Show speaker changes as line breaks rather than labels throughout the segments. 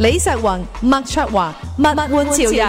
李石宏麥卓華、物物玩潮人，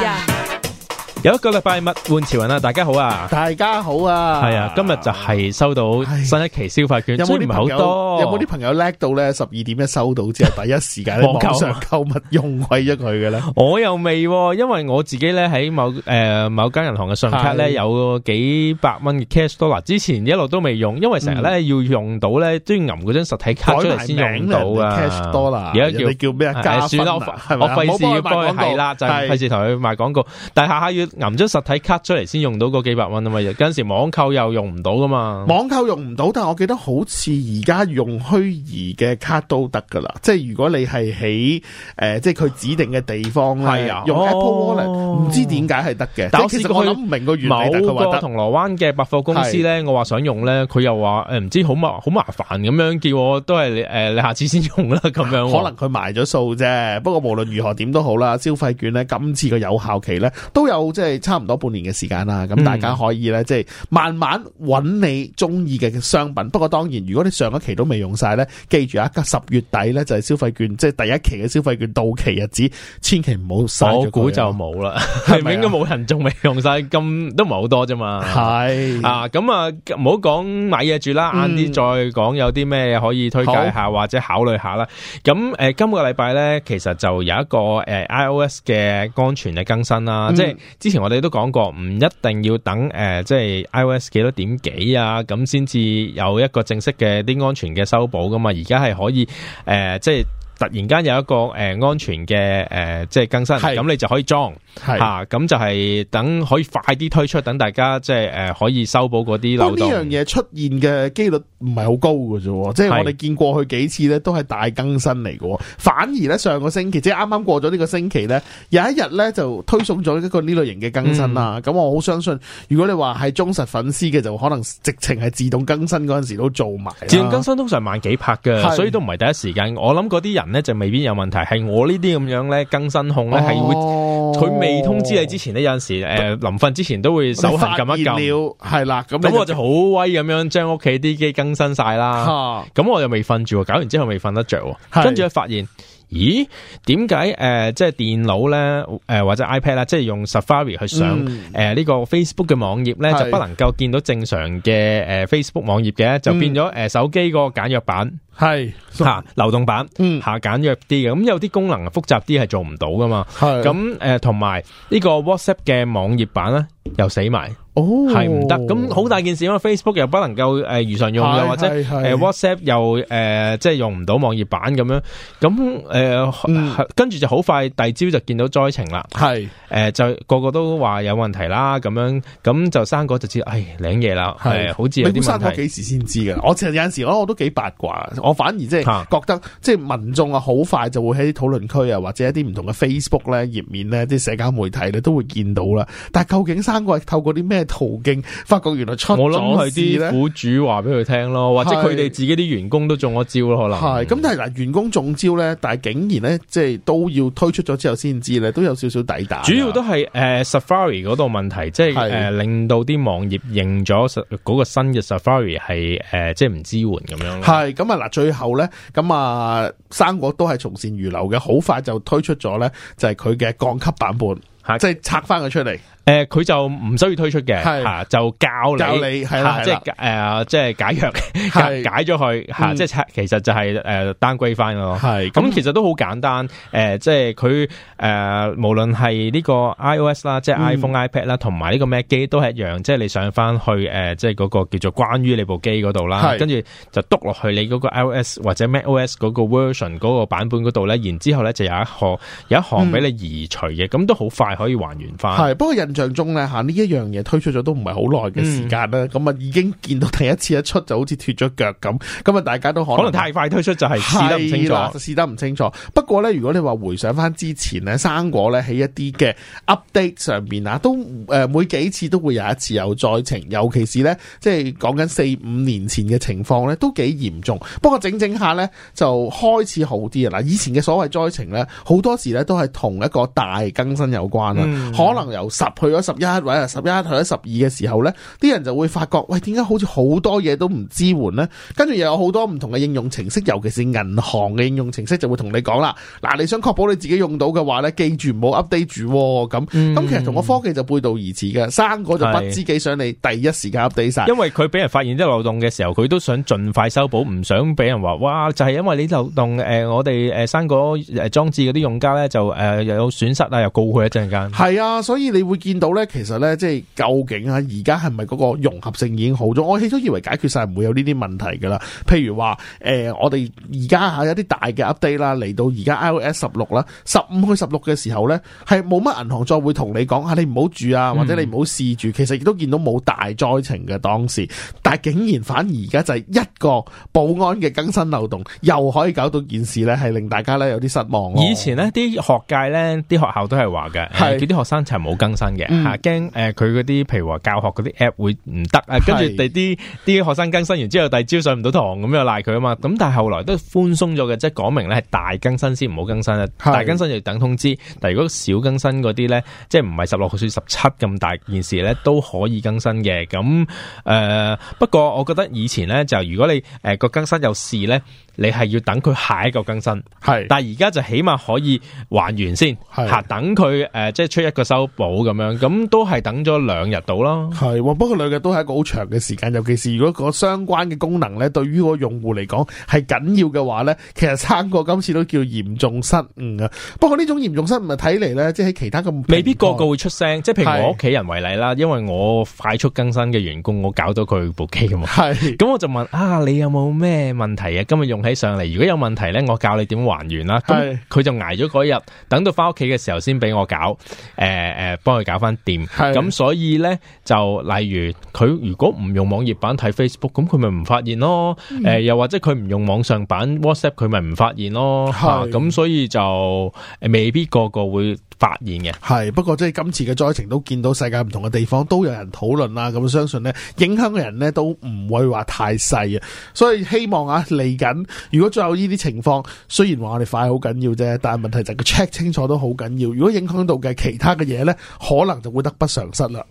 有一個禮拜物玩潮人啊！大家好啊，
大家好啊，係
啊！今日就係收到新一期消費券，有冇唔係好多？有有冇啲
朋友叻到咧？十二點一收到，即係第一時間喺網上購物用鬼咗佢嘅咧？ 我又
未、啊，因為我自己咧喺某誒、呃、某間銀行嘅信用卡咧是有個幾百蚊嘅 cash dollar。之前一路都未用，因為成日咧要用到咧都要揞嗰張實體卡出嚟先用到啊！cash dollar，而家叫叫咩啊？啊算啦，我我費事要幫佢係啦，就係費事同佢賣廣告。但下下要揞張實體卡出嚟先用到嗰幾百蚊啊嘛！有陣時網購又用唔到噶嘛？
網購用唔到，但係我記得好似而家用。用虛擬嘅卡都得噶啦，即係如果你係喺誒，即係佢指定嘅地方啦，啊、用 Apple Wallet，唔、哦、知點解係得嘅。但係其實我諗唔明個原理。某個銅鑼灣嘅百
貨公司咧，我話想用咧，佢又話誒，唔、欸、知好麻好麻煩咁樣，叫我都係誒、呃，你下次先用啦咁樣。可能
佢埋咗數啫。不過無論如何點都好啦，消費券咧今次嘅有效期咧都有即係差唔多半年嘅時間啦。咁大家可以咧即係慢慢揾你中意嘅商品。嗯、不過當然，如果你上一期都未用晒咧，記住啊！十月底咧就係消費券，即、就、係、是、第一期嘅消費券到期日子，千祈唔好嘥。我估就冇啦，
係咪應該冇人仲未用晒？咁都唔係好多啫嘛。係啊，咁 啊，唔好講買嘢住啦，晏啲、嗯、再講有啲咩可以推介下好或者考慮下啦。咁誒、呃，今個禮拜咧，其實就有一個誒、呃、iOS 嘅安全嘅更新啦。嗯、即係之前我哋都講過，唔一定要等誒、呃，即係 iOS 幾多點幾啊，咁先至有一個正式嘅啲安全嘅。修補㗎嘛，而家係可以誒、呃，即係突然間有一個誒、呃、安全嘅誒、呃，即係更新，咁係你就可以裝。係是啊，咁就係等可以快啲推出，等大家即係誒可以修補嗰啲漏洞。呢樣
嘢出現嘅幾率唔係好高嘅啫，即係是我哋見過，過去幾次咧都係大更新嚟嘅，反而咧上個星期即係啱啱過咗呢個星期咧有一日咧就推送咗一個呢類型嘅更新啦。咁、嗯、我好相信，如果你話係忠實粉絲嘅，就可能直情係自動更新嗰陣時都做埋。自動更
新通常慢幾拍嘅，是所以都唔係第一時間。我諗嗰啲人咧就未必有問題，係我這這呢啲咁樣咧更新控咧係會、哦未通知你之前呢，有陣時誒、呃、臨瞓之前都會手痕撳一撳，係啦咁。咁我就好威咁樣將屋企啲機更新晒啦。咁哈 我又未瞓住，搞完之後未瞓得著，跟住咧發現。咦？點解，誒即係電腦咧，誒或者 iPad 啦，即係用 Safari 去上誒呢個 Facebook 嘅網頁咧，就不能夠見到正常嘅誒 Facebook 網頁嘅，就變咗誒手機個簡約版係吓流動版吓簡約啲嘅，咁有啲功能複雜啲係做唔到噶嘛。咁誒同埋呢個 WhatsApp 嘅網頁版咧又死埋。哦，係唔得，咁好大件事啊！因為 Facebook 又不能夠誒、呃、如常用，又或者誒、呃、WhatsApp 又誒、呃、即係用唔到網頁版咁樣，咁、呃、誒、嗯、跟住就好快就，第二朝就見到災情啦。係誒、呃、就個個都話有問題啦，咁樣咁就生果就知，唉，領嘢啦，係是好似你估生果幾時先
知噶？ 我其實有陣時我我都幾八卦，我反而即係覺得即係民眾啊，好快就會喺討論區啊，或者一啲唔同嘅 Facebook 咧頁面咧，啲、即係、社交媒體咧都會見到啦。但係究竟生果係透過啲咩？途徑，發覺原來出咗去啲苦主話俾佢聽咯，是或者佢哋
自己啲員工都中咗招咯，可能係
咁。但係嗱、呃，員工中招咧，但係竟然咧，即係都要推出咗之後先知咧，都有少少抵打。
主要都係誒、呃、Safari 嗰度問題，即係誒是、呃、令到啲網頁認咗
嗰個新嘅 Safari 係誒、呃、即係唔支援咁樣。係咁啊嗱，最後咧咁啊，生、呃、果都係從善如流嘅，好快就推出咗咧，就係佢嘅降級版本，啊、即係拆翻佢出嚟。誒，佢就唔需要推出嘅，吓就教你啦，即係誒，
即係解約解咗佢吓，即係其實就係誒單歸翻咯。係，咁其實都好簡單。誒，即係佢誒，無論係呢個 iOS 啦，即係 iPhone、iPad 啦，同埋呢個 Mac 機都係一樣。即係你上翻去誒，即係嗰個叫做關於你部機嗰度啦，跟住就督落去你嗰個 iOS 或者 Mac OS 嗰個 version 嗰個版本嗰度咧，然之後咧就有一行有一行俾你移除嘅，咁都
好快可以還原翻。係，不過人。印象中咧吓呢一樣嘢推出咗都唔係好耐嘅時間啦，咁啊、嗯、已經見到第一次一出就好似脫咗腳咁，咁啊大家都可能，可能太快推出就係試得唔清楚，試得唔清楚。不過咧，如果你話回想返之前咧，生果咧喺一啲嘅 update 上邊啊，都誒每幾次都會有一次有災情，尤其是咧即係講緊四五年前嘅情況咧，都幾嚴重。不過整整下咧就開始好啲啊！嗱，以前嘅所謂災情咧，好多時咧都係同一個大更新有關啦，嗯、可能有十。去咗十一或者十一去咗十二嘅時候呢，啲人就會發覺，喂，點解好似好多嘢都唔支援呢？跟住又有好多唔同嘅應用程式，尤其是銀行嘅應用程式，就會同你講啦。嗱、呃，你想確保你自己用到嘅話呢，記住唔好 update 住咁。咁、哦嗯、其實同個科技就背道而馳嘅，生果就不知幾想你第一時間 update 晒。因為
佢俾人發現咗漏洞嘅時候，佢都想盡快修補，唔想俾人話，哇！就係、是、因為你漏洞，誒、呃，我哋誒、呃、生果誒裝置嗰啲用家呢，就誒、呃、又有損失啊，又告佢一
陣間。係啊，所以你會見。見到咧，其實咧，即係究竟啊，而家係咪嗰個融合性已經好咗？我起初以為解決晒唔會有呢啲問題噶啦。譬如話誒、呃，我哋而家吓有啲大嘅 update 啦，嚟到而家 iOS 十六啦，十五去十六嘅時候咧，係冇乜銀行再會同你講吓你唔好住啊，或者你唔好試住。其實亦都見到冇大災情嘅當時，但係竟然反而而家就係一個保安嘅更新漏洞，又可以搞到件事咧，係令大家咧有啲失望。以前呢啲學界咧，啲學校都係話嘅，
係叫啲學生就係冇更新嘅。吓驚誒，佢嗰啲譬如話教學嗰啲 app 會唔得啊，跟住第啲啲學生更新完之後，第二朝上唔到堂咁又賴佢啊嘛，咁但係後來都寬鬆咗嘅，即係講明咧係大更新先唔好更新啦，大更新就要等通知，是但係如果小更新嗰啲咧，即係唔係十六、十六十七咁大件事咧，都可以更新嘅。咁誒、呃，不過我覺得以前咧就如果你誒個更新有事咧。你係要等佢下一個更新，係是，但係而家就起碼可以還原先，吓是，等佢誒、呃，
即係出一個修補咁樣，咁都係等咗兩日到咯，係，不過兩日都係一個好長嘅時間，尤其是如果個相關嘅功能咧，對於個用戶嚟講係緊要嘅話咧，其實三個今次都叫嚴重失誤啊。不過呢種嚴重失誤睇嚟咧，即係喺其他咁未必個個會
出聲，即係譬如我屋企人為例啦，的因為我快速更新嘅員工，我搞到佢部機咁嘛，係的，咁我就問啊，你有冇咩問題啊？今日用起上嚟，如果有問題咧，我教你點還原啦。佢的就挨咗嗰日，等到翻屋企嘅時候先俾我搞，誒、呃、誒，幫佢搞翻掂。咁的所以咧，就例如佢如果唔用網頁版睇 Facebook，咁佢咪唔發現咯。誒、嗯呃，又或者佢唔用網上版 WhatsApp，佢咪唔發現咯。咁的、啊、所以就未必個個會。發現嘅
係，不過即係今次嘅災情都見到世界唔同嘅地方都有人討論啦，咁相信呢影響嘅人呢都唔會話太細啊，所以希望啊嚟緊如果再有呢啲情況，雖然話我哋快好緊要啫，但係問題就係佢 check 清楚都好緊要，如果影響到嘅其他嘅嘢呢，可能就會得不償失啦。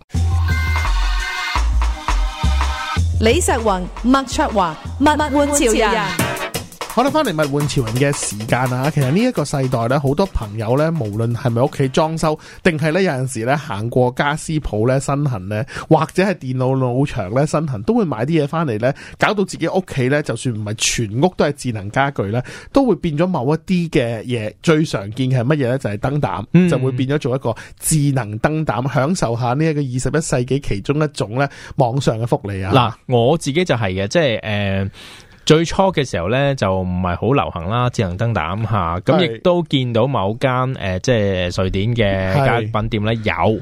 李石宏、麥卓華、物玩潮人。好啦，翻嚟物玩潮人嘅時間啊！其實呢一個世代咧，好多朋友咧，無論係咪屋企裝修，定係咧有陣時咧行過家私鋪咧身痕咧，或者係電腦腦場咧身痕，都會買啲嘢翻嚟咧，搞到自己屋企咧，就算唔係全屋都係智能家具咧，都會變咗某一啲嘅嘢。最常見嘅係乜嘢咧？就係燈膽就會變咗做一個智能燈膽，享受下呢一個二十一世紀其中一種咧網上嘅福利啊！嗱，
我自己就係嘅，即係誒。呃最初嘅時候呢，就唔係好流行啦，智能燈膽吓，咁亦是、啊、都見到某間誒、呃，即係瑞典嘅家品店呢，是有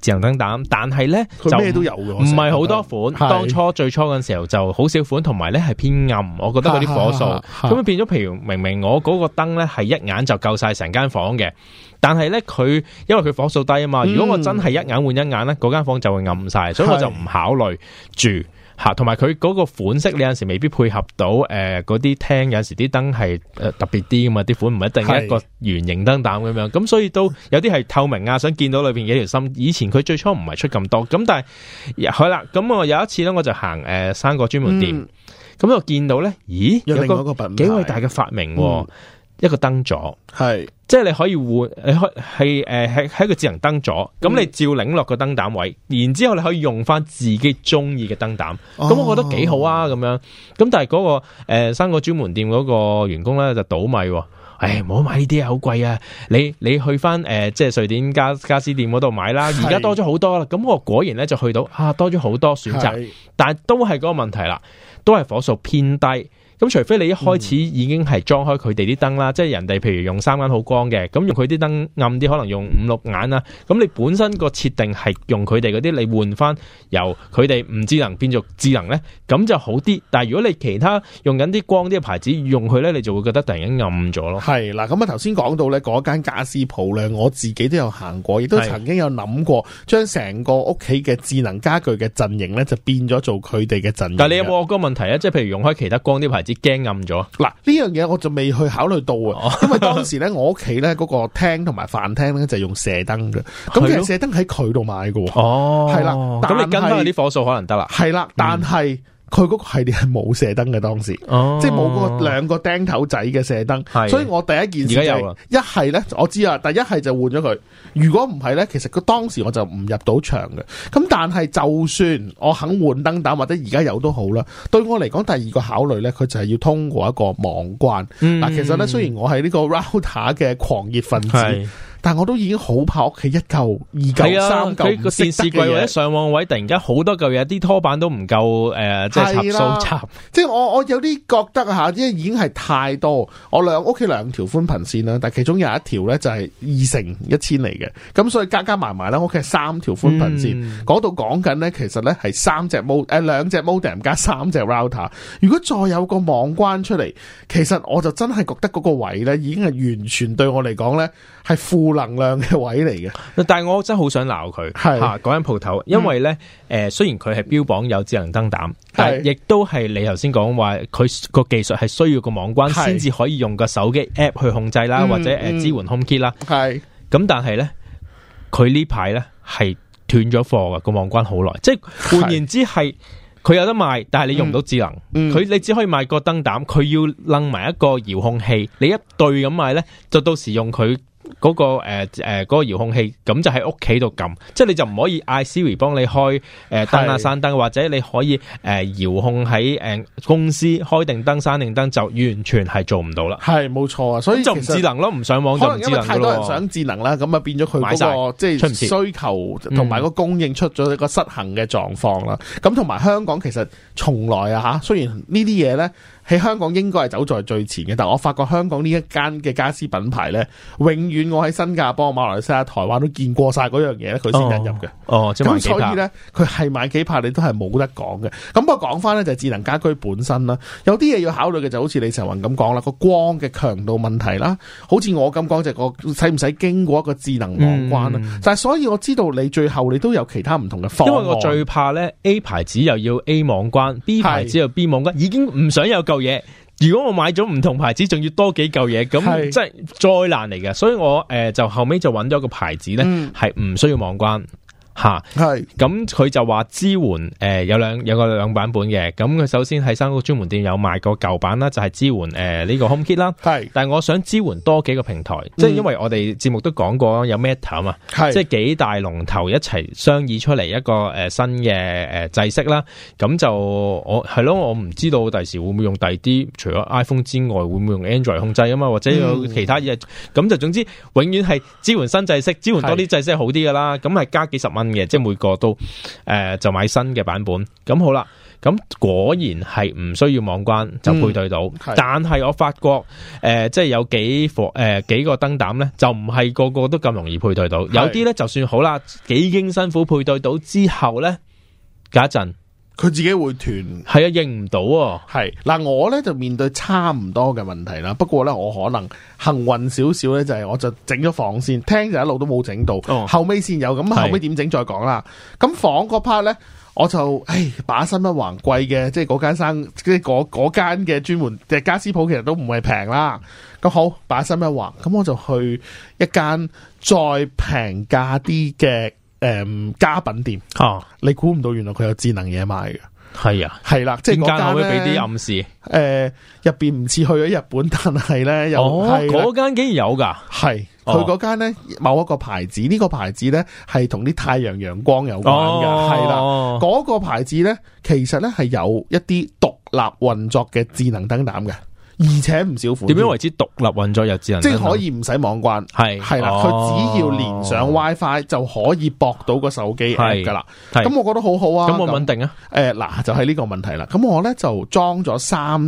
智能燈膽，但係呢，就咩都有唔係好多款。的當初最初嘅時候就好少款，同埋呢係偏暗，我覺得佢啲火數，咁變咗。譬如明明我嗰個燈呢，係一眼就夠晒成間房嘅，但係呢，佢因為佢火數低啊嘛，嗯、如果我真係一眼換一眼呢，嗰間房就會暗晒，的所以我就唔考慮住。吓，同埋佢嗰個款式，你有陣時未必配合到誒，嗰啲廳有陣時啲燈係誒特別啲噶嘛，啲款唔一定係一個圓形燈膽咁樣，咁是所以都有啲係透明啊，想見到裏邊幾條心。以前佢最初唔係出咁多，咁但係係啦，咁我有一次咧，我就行誒三個專門店，咁、嗯、我見到咧，咦，有另外一個有一個幾偉大嘅發明、啊。嗯一個燈座，係是，即係你可以換，你開係誒，喺個智能燈座，咁、嗯、你照擰落個燈膽位，然之後你可以用翻自己中意嘅燈膽，咁、哦、我覺得幾好啊，咁樣，咁但係嗰、那個誒、呃，生果專門店嗰個員工咧就倒米，誒、哎，唔好買呢啲，好貴啊，你你去翻誒、呃，即係瑞典家家私店嗰度買啦，而家多咗好多啦，咁是我果然咧就去到啊，多咗好多選擇，是但係都係嗰個問題啦，都係火數偏低。咁除非你一開始已經係裝開佢哋啲燈啦，嗯、即係人哋譬如用三眼好光嘅，咁用佢啲燈暗啲，可能用五六眼啦。咁你本身個設定係用佢哋嗰啲，你換翻由佢哋唔智能變做智能呢，咁就好啲。但如果你其他用緊啲光啲嘅牌子用佢呢，你就會覺得
突然間暗咗咯。係啦，咁啊頭先講到呢嗰間傢俬鋪呢，我自己都有行過，亦都曾經有諗過將成個屋企嘅智能家居嘅陣營呢就變咗做佢哋嘅陣營。但
你有冇個問題呢？即係譬如用開其他光啲牌子。你驚暗咗嗱？
呢樣嘢我就未去考慮到啊，哦、因為當時咧 我屋企咧嗰個廳同埋飯廳咧就用射燈嘅，咁其實射燈喺佢度買嘅，哦，係啦，咁你跟翻啲
火數可能得啦，
係啦，但係。嗯佢嗰個系列係冇射燈嘅，當時，哦、即係冇嗰個兩個釘頭仔嘅射燈，的所以我第一件事，就係，一係呢，我知啊，第一係就換咗佢。如果唔係呢，其實佢當時我就唔入到場嘅。咁但係就算我肯換燈膽或者而家有都好啦。對我嚟講，第二個考慮呢，佢就係要通過一個網關。嗱，嗯、其實呢，雖然我係呢個 router 嘅狂熱分子。但我都已經好怕屋企一舊二舊、啊、三舊，佢個電視櫃或者
上網位突然間好多舊嘢，啲拖板都唔夠
誒，即係插數插。即係我我有啲覺得吓，即係已經係太多。我兩屋企兩條寬頻線啦，但係其中有一條咧就係二成一千嚟嘅，咁所以加加埋埋咧，屋企係三條寬頻線。嗰度講緊咧，說說其實咧係三隻 modem 誒，兩隻 modem 加三隻 router。如果再有個網關出嚟，其實我就真係覺得嗰個位咧已經係完全對我嚟講咧係負能量嘅位嚟
嘅，但係我真係好想鬧佢，吓講緊鋪頭，因為咧，誒、嗯呃，雖然佢係標榜有智能燈膽，是但係亦都係你頭先講話，佢個技術係需要個網關先至可以用個手機 app 去控制啦，是或者誒、嗯、支援 HomeKit 啦是，係咁、啊，但係咧，佢呢排咧係斷咗貨噶，貨那個網關好耐，即係換言之係佢是有得賣，但係你用唔到智能，佢、嗯嗯、你只可以買個燈膽，佢要掕埋一個遙控器，你一對咁買咧，就到時用佢。嗰、嗰個誒誒、呃嗰個遙控器，咁就喺屋企度撳，即係你就唔可以嗌 Siri 幫你開誒燈啊，閂燈，是或者你可以誒遙、呃、控喺誒公司開定燈閂定燈，就完全係做唔到啦。
係冇錯啊，所以就唔智能
咯，唔實上網就智能，能太多人想
智能啦，咁啊變咗佢買晒即係需求同埋嗰供應出咗一個失衡嘅狀況啦。咁同埋香港其實從來啊吓，雖然呢啲嘢咧。喺香港應該係走在最前嘅，但我發覺香港呢一間嘅家私品牌呢，永遠我喺新加坡、馬來西亞、台灣都見過晒嗰樣嘢佢先引入嘅哦。哦，咁所以呢，佢係買幾拍你都係冇得的講嘅。咁我講講翻呢，就智能家居本身啦，有啲嘢要考慮嘅，就是，就好似李成雲咁講啦，個光嘅強度問題啦，好似我咁講就係個使唔使經過一個智能網關啦。嗯、但係所以我知道你最後你都有其他唔同嘅，方因為我最
怕呢 A 牌子又要 A 網關，B 牌子又 B 網關，的已經唔想有嚿嘢，如果我買咗唔同牌子，仲要多幾嚿嘢，咁即係災難嚟嘅。所以我誒，就後尾就揾咗個牌子呢係唔需要網關。吓，係咁佢就話支援誒、呃、有兩有個兩版本嘅，咁佢首先喺三個專門店有賣過，就是呃這個舊版啦，就係支援誒呢個 HomeKit 啦。係，但係我想支援多幾個平台，嗯、即係因為我哋節目都講過有 Meta 啊嘛，係是即係幾大龍頭一齊商議出嚟一個誒、呃、新嘅誒、呃、制式啦。咁就我係咯，我唔知道第時會唔會用第啲除咗 iPhone 之外會唔會用 Android 控制啊嘛，或者有其他嘢。咁、嗯、就總之永遠係支援新制式，支援多啲制式好啲噶啦。咁係是加幾十蚊。即係每個都，誒、呃、就買新嘅版本，咁好啦，咁果然係唔需要網關就配對到，嗯、是但係我發覺，誒、呃、即係有幾個，誒、呃、幾個燈膽呢就唔係個個都咁容易配對到，是有啲呢就算好啦，幾經辛苦配對到之後呢隔一陣。佢自己
會斷係啊認唔到啊，係嗱、啊、我咧就面對差唔多嘅問題啦，不過咧我可能幸運少少咧就係我就整咗房先，聽就一路都冇整到，哦、後尾先有咁後尾點整再講啦。咁是房嗰 part 咧，我就唉把心一橫貴嘅，即係嗰間生即係嗰嗰間嘅專門嘅、即係、家私鋪，其實都唔係平啦。咁好把心一橫，咁我就去一間再平價啲嘅。誒、嗯，家品店、啊、你估唔到原來佢有智能嘢賣嘅，係啊，係啦的，即係嗰間會俾啲暗示。誒、呃，入邊唔似去咗日本，但係咧有，哦，嗰間的竟然有噶，係是，佢嗰間咧某一個牌子，呢、這個牌子咧係同啲太陽陽光有關嘅，係啦，嗰、那個牌子咧其實咧係有一啲獨立運作嘅智能燈膽嘅。而且唔少款點樣為
之獨立運作日子啊？即係可
以唔使網關，係係啦，佢只要連上 WiFi 就可以駁到個手機係㗎啦。咁我覺得好好啊。咁穩定啊？誒嗱，就係呢個問題啦。咁我咧就裝咗三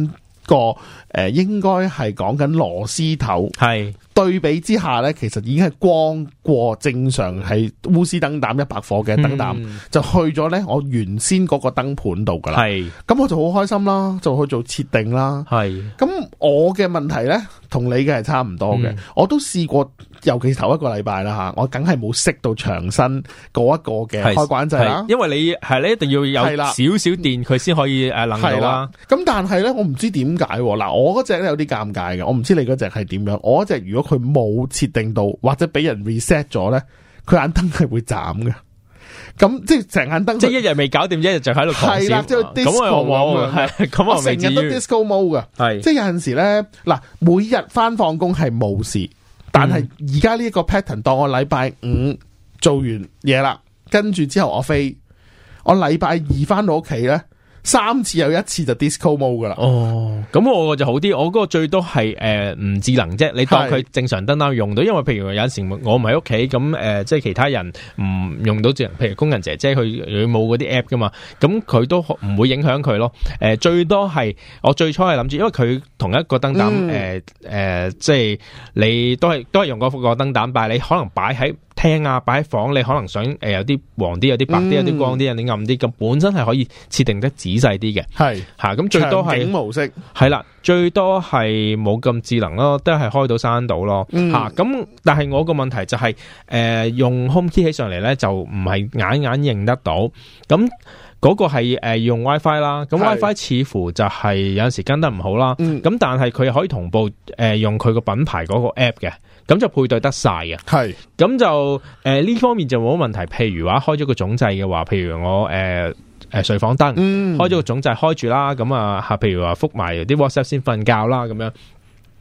個誒，應該係講緊螺絲頭係。對比之下咧，其實已經係光過正常係烏絲燈膽一百火嘅燈膽，嗯、就去咗咧我原先嗰個燈盤度噶啦。係是，咁我就好開心啦，就去做設定啦。係是，咁我嘅問題咧，同你嘅係差唔多嘅，嗯、我都試過。尤其是頭一個禮拜啦吓，我梗係冇熄到牆身嗰一個嘅開關掣啦，因為你
係咧一定要有少少電，佢先可以誒冷到啦。
咁但係咧，我唔知點解嗱，我嗰隻咧有啲尷尬嘅，我唔知你嗰隻係點樣。我嗰隻如果佢冇設定到，或者俾人 reset 咗咧，佢眼燈係會斬嘅。咁即係成眼燈，即係一日未搞掂，一日就喺度調試。咁啊冇啊，係咁啊，成日都 disco mode 嘅，的即係有陣時咧嗱，每日翻放工係冇事。但係而家呢一個 pattern，當我禮拜五做完嘢啦，跟住之後我飛，我禮拜二返到屋企咧。三次有一次就 disco mode 噶啦。哦，
咁我就好啲，我嗰個最多係誒唔智能啫。你當佢正常燈膽用到，是因為譬如有陣時我唔喺屋企，咁誒、呃、即係其他人唔用到智能，譬如工人姐姐佢佢冇嗰啲 app 噶嘛，咁佢都唔會影響佢咯。誒、呃，最多係我最初係諗住，因為佢同一個燈膽，誒誒、嗯呃，即係你都係都係用嗰個燈膽，但係你，你可能擺喺廳啊，擺喺房，你可能想誒有啲黃啲，有啲白啲，有啲光啲，有啲暗啲，咁、嗯、本身係可以設定得自。仔細啲嘅係吓，咁是最多係場景模式係啦，最多係冇咁智能咯，都係開到閂到咯吓。咁、嗯啊、但係我個問題就係、是，誒、呃、用 HomeKit 起上嚟咧就唔係眼眼認得到。咁嗰、那個係誒、呃、用 WiFi 啦，咁 WiFi 似乎就係有陣時跟得唔好啦。咁是但係佢可以同步誒、呃、用佢個品牌嗰個 app 嘅，咁就配對得晒嘅。係咁是就誒呢、呃、方面就冇乜問題。譬如話開咗個總掣嘅話，譬如我誒。呃誒、呃，睡房燈、嗯、開咗個總掣開住啦，咁啊，吓，譬如話覆埋啲 WhatsApp 先瞓覺啦，咁樣，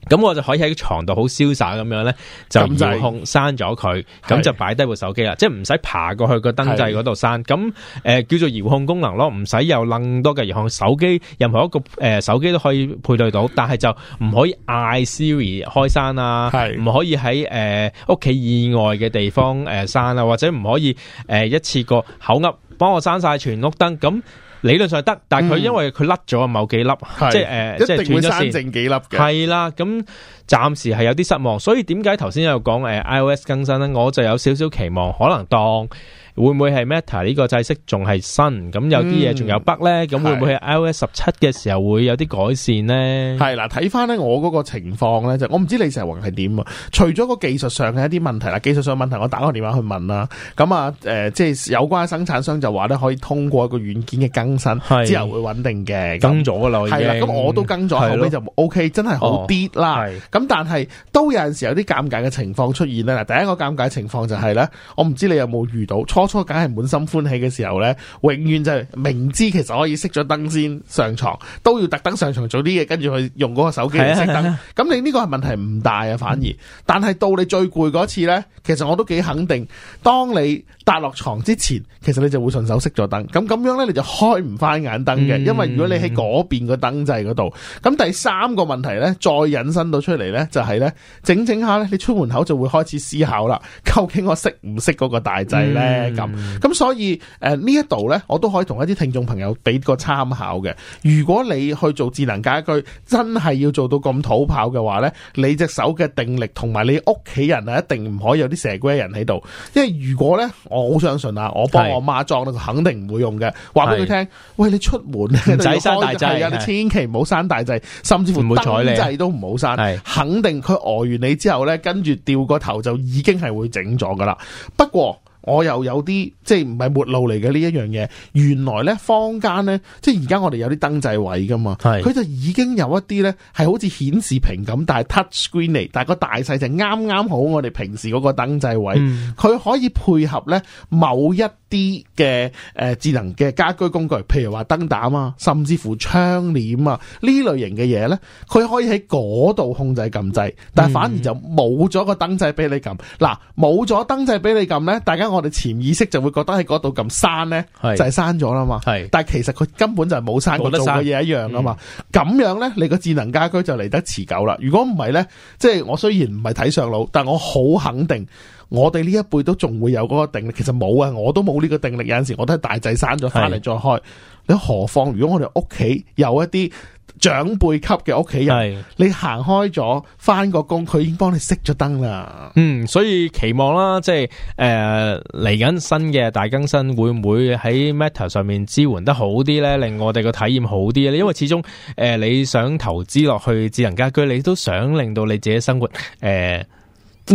咁我就可以喺床度好瀟灑咁樣咧，就遙控閂咗佢，咁就擺低部手機啦，是即係唔使爬過去個燈掣嗰度閂，咁誒是、呃、叫做遙控功能咯，唔使有咁多嘅遙控手機，任何一個誒、呃、手機都可以配對到，但係就唔可以嗌 Siri 開閂啊，唔是可以喺誒屋企以外嘅地方誒閂啊，或者唔可以誒、呃、一次過口噏。幫我閂晒全屋燈，咁理論上係得，但係佢因為佢甩咗啊，某幾粒，嗯、即係、呃、誒，即係斷咗線，剩幾粒嘅，係啦，咁暫時係有啲失望，所以點解頭先有講誒、呃、iOS 更新咧，我就有少少期望，可能當。會唔會係 Meta 呢個制式仲係新？咁有啲嘢仲有 bug 咧？咁會唔會
係 iOS 十七嘅時候會有啲改善咧？係嗱，睇翻咧我嗰個情況咧就，我唔知你成日係點啊。除咗個技術上嘅一啲問題啦，技術上問題我打個電話去問啦。咁啊，誒、呃，即係有關生產商就話咧，可以通過一個軟件嘅更新的之後會穩定嘅。更咗啦，係啦、哦，咁我都更咗，後尾就 O K，真係好啲啦。咁但係都有陣時候有啲尷尬嘅情況出現咧。嗱，第一個尷尬情況就係、是、咧，我唔知你有冇遇到？初初梗係滿心歡喜嘅時候呢，永遠就係明知其實可以熄咗燈先上床，都要特登上床做啲嘢，跟住去用嗰個手機熄燈。咁你呢個係問題唔大啊，反而、嗯。但係到你最攰嗰次呢，其實我都幾肯定，當你笪落床之前，其實你就會順手熄咗燈。咁咁樣呢，你就開唔翻眼燈嘅，嗯、因為如果你喺嗰邊個燈掣嗰度。咁第三個問題呢，再引申到出嚟呢，就係、是、呢，整整下呢，你出門口就會開始思考啦。究竟我熄唔熄嗰個大掣呢？嗯咁咁，嗯、所以呢一度呢，我都可以同一啲聽眾朋友俾個參考嘅。如果你去做智能家居，真係要做到咁土炮嘅話呢，你隻手嘅定力同埋你屋企人啊，一定唔可以有啲蛇鬼人喺度。因為如果呢，我好相信啊，我幫我媽裝呢，佢是肯定唔會用嘅。話俾佢聽，是喂，你出門，仔生不用 大仔掣啊！是你千祈唔好生大仔，是甚至乎會燈掣都唔好生。肯定佢餓、呃、完你之後呢，跟住掉個頭就已經係會整咗噶啦。不過我又有啲即係唔係末路嚟嘅，呢一樣嘢原來咧，坊間咧，即係而家我哋有啲燈掣位噶嘛，佢是就已經有一啲咧，係好似顯示屏咁，但係 touch screen 嚟，但係個大細就啱啱好我哋平時嗰個燈掣位，佢、嗯、可以配合咧某一啲嘅誒智能嘅家居工具，譬如話燈膽啊，甚至乎窗簾啊呢類型嘅嘢咧，佢可以喺嗰度控制撳掣，但係反而就冇咗個燈掣俾你撳。嗱，冇咗燈掣俾你撳咧，大家。我哋潛意識就會覺得喺嗰度咁閂呢，就係閂咗啦嘛。但係其實佢根本就係冇閂過，做嘅嘢一樣噶嘛。咁、嗯、樣呢，你個智能家居就嚟得持久啦。如果唔係呢，即、就、係、是，我雖然唔係睇上腦，但我好肯定我哋呢一輩都仲會有嗰個定力。其實冇啊，我都冇呢個定力，有陣時我都係大制生咗翻嚟再開。你是的 何況，如果我哋屋企有一啲長輩級嘅屋企人，是的 你行開咗翻個工，佢已經幫你熄咗燈啦。
嗯，所以期望啦，即係誒嚟緊新嘅大更新會唔會喺 Matter 上面支援得好啲呢？令我哋個體驗好啲咧？因為始終誒、呃，你想投資落去智能家居，你都想令到你自己生活誒。呃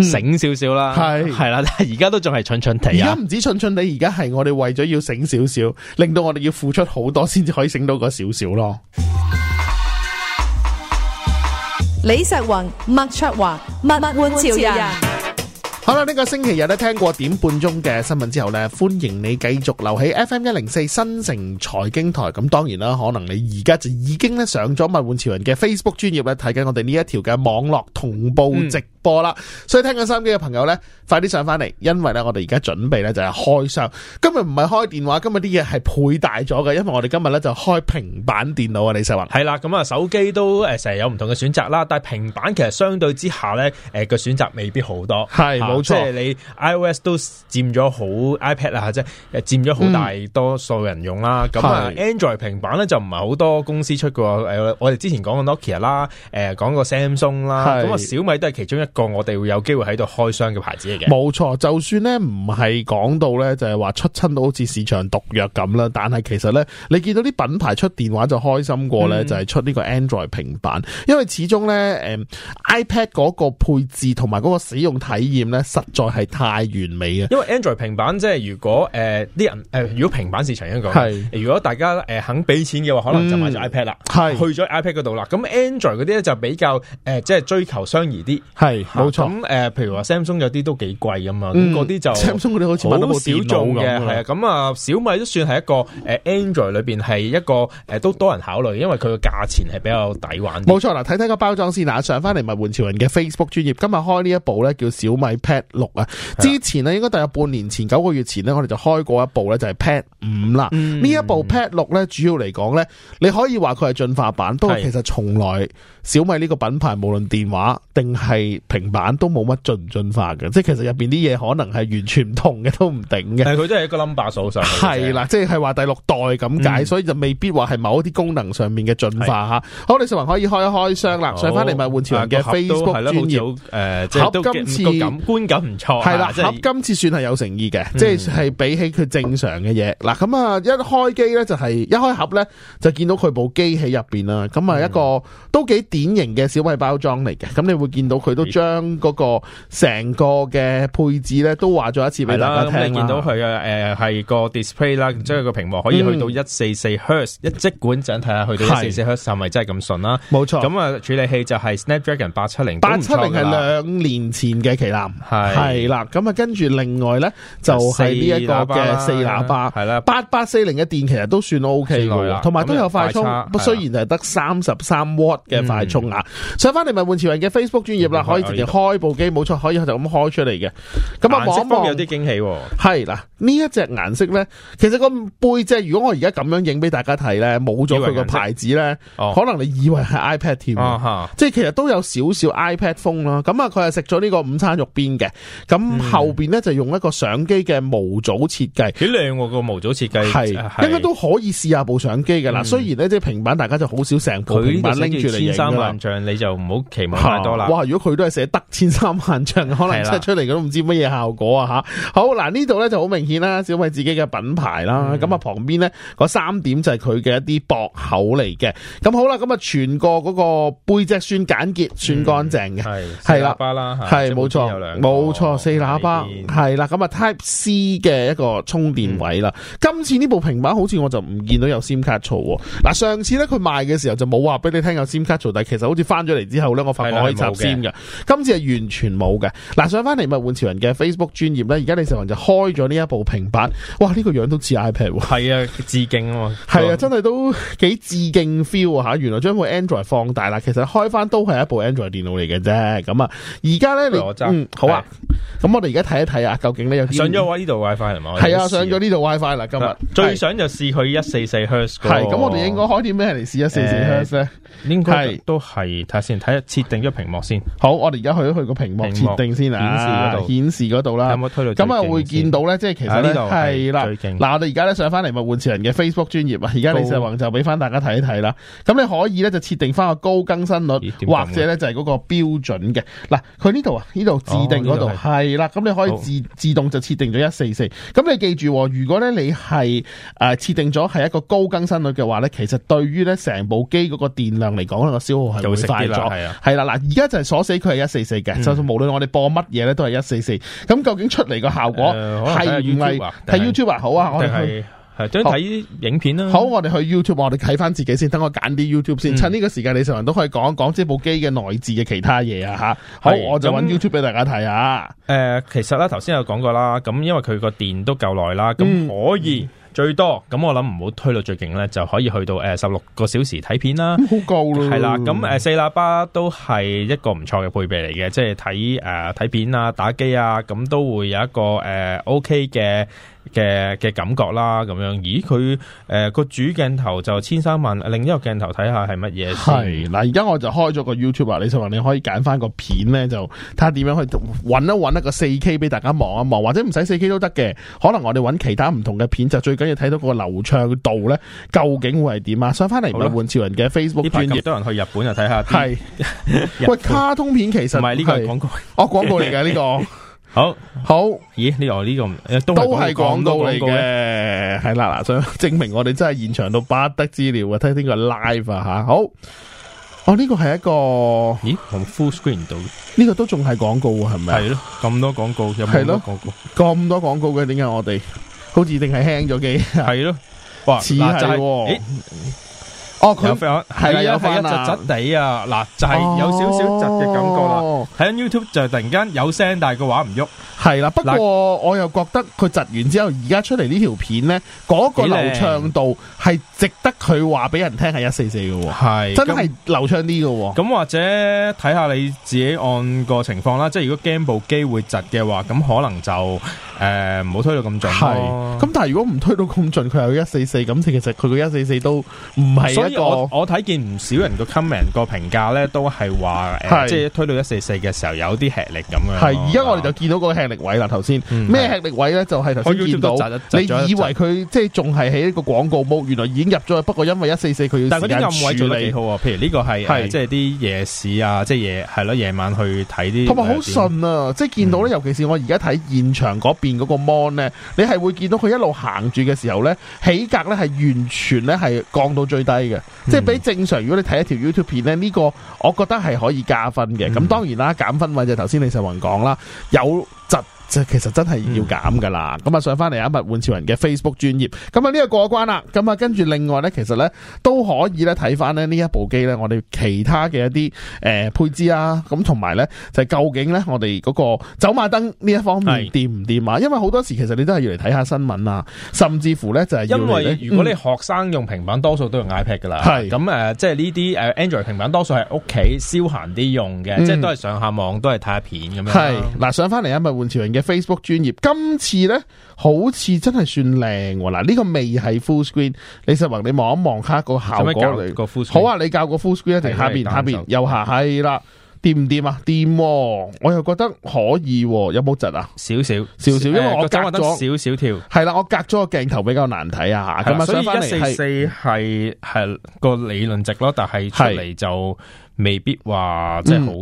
醒少少啦，係係啦，嗯、但係而家都仲係蠢蠢哋啊。而家
唔止蠢蠢哋，而家係我哋為咗要醒少少，令到我哋要付出好多先至可以醒到個少少咯。李石雲、麥卓華、物玩潮人。好啦，呢、這個星期日咧，聽過點半鐘嘅新聞之後呢，歡迎你繼續留喺 F M 一零四新城財經台。咁當然啦，可能你而家就已經咧上咗《物玩潮人》嘅 Facebook 專業咧睇緊我哋呢一條嘅網絡同步直播啦。嗯、所以聽緊收音機嘅朋友呢，快啲上翻嚟，因為呢，我哋而家準備呢就係、是、開箱。今日唔係開電話，今日啲嘢係配戴咗嘅。因為我哋今日呢就開平板電腦啊，李世宏。係啦，咁啊手機都誒成日有唔同嘅選擇啦，但係平板其實相
對之下呢，誒、呃、個選擇未必好多。係的。啊即係你 iOS 都佔咗好 iPad 啦，即係佔咗好大多數人用啦。咁啊、嗯、，Android 平板咧就唔係好多公司出嘅。誒，我哋之前講個 Nokia 啦，誒是，講個 Samsung 啦，咁啊，小米都係其中一個我哋會有機會喺度開箱嘅牌子嚟嘅。
冇錯，就算咧唔係講到咧，就係話出親到好似市場毒藥咁啦。但係其實咧，你見到啲品牌出電話就開心過咧，就係出呢個 Android 平板，嗯、因為始終咧，誒、嗯、，iPad 嗰個配置同埋嗰個使用體驗咧。實在係太完美嘅，因為 Android 平
板，即係如果誒啲人誒，如果平板市場一個係，是如果大家誒肯俾錢嘅話，可能就買咗 iPad 啦，係、嗯、去咗 iPad 嗰度啦。咁 Android 嗰啲咧就比較誒、呃,即係追求相宜啲，係冇錯。咁誒、呃，譬如話 Samsung 有啲都幾貴噶嘛，嗰啲、嗯、就 Samsung
嗰啲好似賣到少做嘅，係啊、嗯。咁
啊、嗯，小米都算係一個誒、呃、Android 裏邊係一個誒都、呃、多人考慮，因為佢個價錢係比較
抵玩。冇錯啦，睇睇個包裝先。嗱，上翻嚟物玩潮人嘅 Facebook 專頁，今日開呢一部咧叫小米 Pad 六啊，之前咧應該大約半年前、九個月前呢，我哋就開過一部咧，就係 Pad 五啦。呢一部 Pad 六咧，主要嚟講咧，你可以話佢係進化版，都的其實從來小米呢個品牌無論電話定係平板都冇乜進唔進化嘅，即係其實入邊啲嘢，可能係完全唔同嘅，都唔定嘅。佢真係一個 number 數上係啦，即係話第六代咁解，嗯、所以就未必話係某一啲功能上面嘅進化吓。的好，李少云可以開一開箱啦，好上翻嚟咪換朝嘅 Facebook 專業，誒、啊，合、啊呃、今次咁唔錯，係啦，了是盒今次算係有誠意嘅，嗯、即係比起佢正常嘅嘢。嗱，咁啊，一開機咧就係一開盒咧就見到佢部機器入邊啦。咁啊，一個、嗯、都幾典型嘅小米包裝嚟嘅。咁你會見到佢都將嗰個成個嘅配置咧都話咗一次俾大家聽。咁你見到佢
嘅誒係個 display 啦、嗯，即係個屏幕可以去到 h z, 一四四 Hz，一即管整睇下去到一四四 Hz，係咪真係咁順啦？冇錯錯。咁啊，處理器就係 Snapdragon 八七零，八七零係兩
年前嘅旗艦。係啦，咁啊，跟住另外咧就係呢一個嘅四喇叭，係啦，八八四零嘅電其實都算 O K 噶，同埋都有快充，雖然係得三十三瓦嘅快充啊。上翻嚟咪換潮人嘅 Facebook 專頁啦，可以直接開部機，冇錯，可以就咁開出嚟嘅。咁啊，顏色都有啲驚喜。係啦，呢一隻顏色咧，其實個背脊如果我而家咁樣影俾大家睇咧，冇咗佢個牌子咧，可能你以為係 iPad 添，即係其實都有少少 iPad 風啦。咁啊，佢係食咗呢個午餐肉邊。嘅咁、嗯、後邊咧就用一個相機嘅模組設計，幾靚喎個模組設計係，應該都可以試下部相機㗎啦。雖然呢即係平板，大家就好少成部平板拎住嚟影噶嘛，千三萬
像你就唔好期望太多啦。哇，如
果佢都係寫得千三萬像，可能出出嚟都唔知乜嘢效果啊吓。係嘅。好嗱，呢度咧就好明顯啦，小米自己嘅品牌啦。咁啊，旁邊咧嗰三點就係佢嘅一啲薄口嚟嘅。咁好啦，咁啊全個嗰個背脊算簡潔、算乾淨嘅，係係啦，係冇錯。冇錯，錯哦、四喇叭係啦，咁啊白 Type C 嘅一個充電位啦。嗯、今次呢部平板好似我就唔見到有 SIM 卡槽喎、啊。嗱、啊、上次咧佢賣嘅時候就冇話俾你聽有 SIM 卡槽，但係其實好似翻咗嚟之後咧，我發覺可以插 SIM 嘅。今次係完全冇嘅。嗱上翻嚟咪換潮人嘅 Facebook 專頁咧，而家李成云就開咗呢一部平板，哇呢、這個樣都似 iPad 喎。係啊，致敬啊嘛。係啊， 真係都幾致敬 feel 喎、啊。吓、啊。原來將部 Android 放大啦，其實開翻都係一部 Android 電腦嚟嘅啫。咁啊，而家咧你、嗯、好啊。咁我哋而家睇一睇啊，究竟咧有上咗
呢度 WiFi 係嘛？係啊，上咗
呢度 WiFi 啦，今日最
想就試佢一四四 Hertz。係咁，我哋應
該開啲咩嚟試一四四 Hertz 咧？
應該都係睇下先，睇下設定咗屏幕先。好，
我哋而家去咗去個屏幕設定先啦，顯示嗰度，顯示嗰度啦。有冇推到？咁啊，會見到咧，即係其實呢度係啦。嗱，我哋而家咧上翻嚟咪換次人嘅 Facebook 專頁啊。而家李世宏就俾翻大家睇一睇啦。咁你可以咧就設定翻個高更新率，或者咧就係嗰個標準嘅。嗱，佢呢度啊，呢度自定。度係啦，咁你可以自好自動就設定咗一四四。咁你記住，如果咧你係誒設定咗係一個高更新率嘅話咧，其實對於咧成部機嗰個電量嚟講，個消耗係就會快咗。係啊，係啦，嗱，而家就係鎖死佢係一四四嘅，就算、嗯、無論我哋播乜嘢咧，都係一四四。咁究竟出嚟個效果係唔係係 YouTuber 好啊？是我哋去。係，睇對好影片啦、啊。好，我哋去 YouTube，我哋睇翻自己先。等我揀啲 YouTube 先。嗯、趁呢個時間，李成 i 都可以講講即部機嘅內置嘅其他嘢啊。吓，好，是我就揾 YouTube 俾、嗯、大家睇啊。
誒、呃，其實啦，頭先有講過啦。咁因為佢個電都夠耐啦，咁、嗯、可以、嗯、最多咁我諗唔好推到最勁咧，就可以去到誒十六個小時睇片啦。好
夠、嗯、啦。係啦，咁誒
四喇叭都係一個唔錯嘅配備嚟嘅，即係睇誒睇片啊、打機啊，咁都會有一個誒、呃、OK 嘅。嘅嘅感覺啦，咁樣，咦？佢誒個主鏡頭就千三萬，
另一個鏡頭睇下係乜嘢係嗱，而家我就開咗個 YouTube 啊，李秀文，你可以揀翻個片咧，就睇下點樣去揾一揾一個四 K 俾大家望一望，或者唔使四 K 都得嘅。可能我哋揾其他唔同嘅片，就最緊要睇到個流暢度咧，究竟會係點啊？上翻嚟唔係換潮人嘅 Facebook 專頁，都多
人去日本就睇下。係是 本喂，卡
通片其實唔係呢個廣告，哦廣告嚟嘅呢個。 好好，咦？呢個呢個都係廣告嚟嘅，係啦啦，所以證明我哋真係現場到不得之了啊！睇呢個 live 啊吓，好，哦呢個係一個咦？同 full screen 到呢個都仲係廣告啊？係咪？係咯，咁多廣告有冇啊？廣告咁多廣告嘅，點解我哋好似定係輕咗嘅？係咯，哇似係。哦，佢有份分，係有份，窒窒
地啊，嗱，就係、是、有少少窒嘅感覺啦。
喺、oh、YouTube 就突然間有聲，但係個話唔喐。係啦，不過我又覺得佢窒完之後，而家出嚟呢條片呢，嗰個流暢度係值得佢話俾人聽係一四四嘅喎，係真係流暢啲嘅喎。
咁或者睇下你自己按個情況啦，即係如果驚部機會窒嘅話，咁可能就誒唔好推到咁
盡。係，咁但係如果唔推到咁盡，佢有一四四，咁其實佢個一四四都唔係一個。
我睇見唔少人個 comment 個評價呢，都係話，即係推到一四四
嘅時候有啲吃力咁樣。係，而家我哋就見到個吃力位啦，頭先咩吃力位咧，就係頭先見到，你以為佢即係仲係喺一個廣告模，原來已經入咗去。不過因為一四四，佢要時間處理你，位得幾好。譬如呢個
係係即係啲夜市啊，即、就、係、是、夜係咯，夜晚去
睇啲。同埋好順啊，呃、即係見到咧，嗯、尤其是我而家睇現場嗰邊嗰個 Mon 咧，你係會見到佢一路行住嘅時候咧，起格咧係完全咧係降到最低嘅，嗯、即係比正常。如果你睇一條 YouTube 片咧，呢、這個我覺得係可以加分嘅。咁、嗯、當然啦，減分位就頭先李世宏講啦，有。即係其實真係要減噶啦，咁啊、嗯、上翻嚟一物玩潮人嘅 Facebook 專頁，咁啊呢個過關啦，咁啊跟住另外咧，其實咧都可以咧睇翻咧呢一部機咧，我哋其他嘅一啲誒、呃、配置啊，咁同埋咧就係、究竟咧我哋嗰個走馬燈呢一方面掂唔掂啊？是因為好多時其實你都係要嚟睇下新聞啊，甚至乎咧就係因為如果你
學生用平板，多數都用 iPad 噶啦，係咁誒，即係呢啲誒 Android 平板，多數係屋企消閒啲用嘅，即係都係上下網，都係睇下片咁樣。
係嗱上翻嚟啊物玩潮人。嘅 Facebook 專頁，今次咧好似真係算靚喎！嗱，呢、呢個未係 full screen。李世宏，你望一望下個效果。你教個 full 好啊！你教個 full screen 一定下邊下邊右下係啦。掂唔掂啊？掂、啊，我又覺得可以、啊。有冇窒啊？少少少少，因為我隔咗少少跳。係啦、呃，我隔咗個鏡頭比較難睇啊。咁啊對，樣所以一四四
係係個理論值咯，但係出嚟就。是未必話即係好，